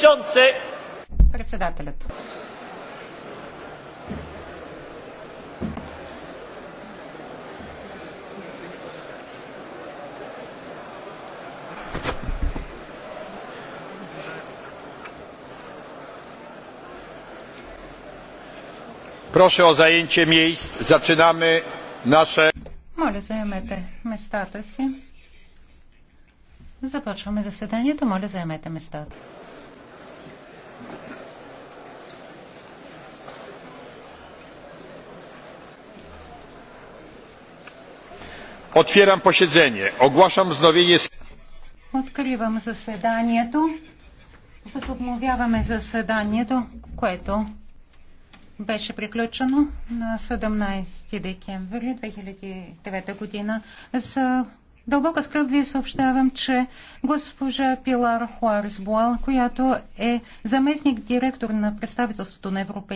Przewodniczący! Председателят. Прошу о заенче мейст. Зачинаме наше... Моля, заемете местата си. Започваме заседанието. Моля, заемете местата. Отвирам поседение. Оглашам wznowienie. Откривам заседанието. Възобновяваме заседанието, което беше приключено на 17 декември 2009 година. За дълбока скръп ви съобщавам, че госпожа Пилар Хуарес Буал, която е заместник директор на представителството на Европейския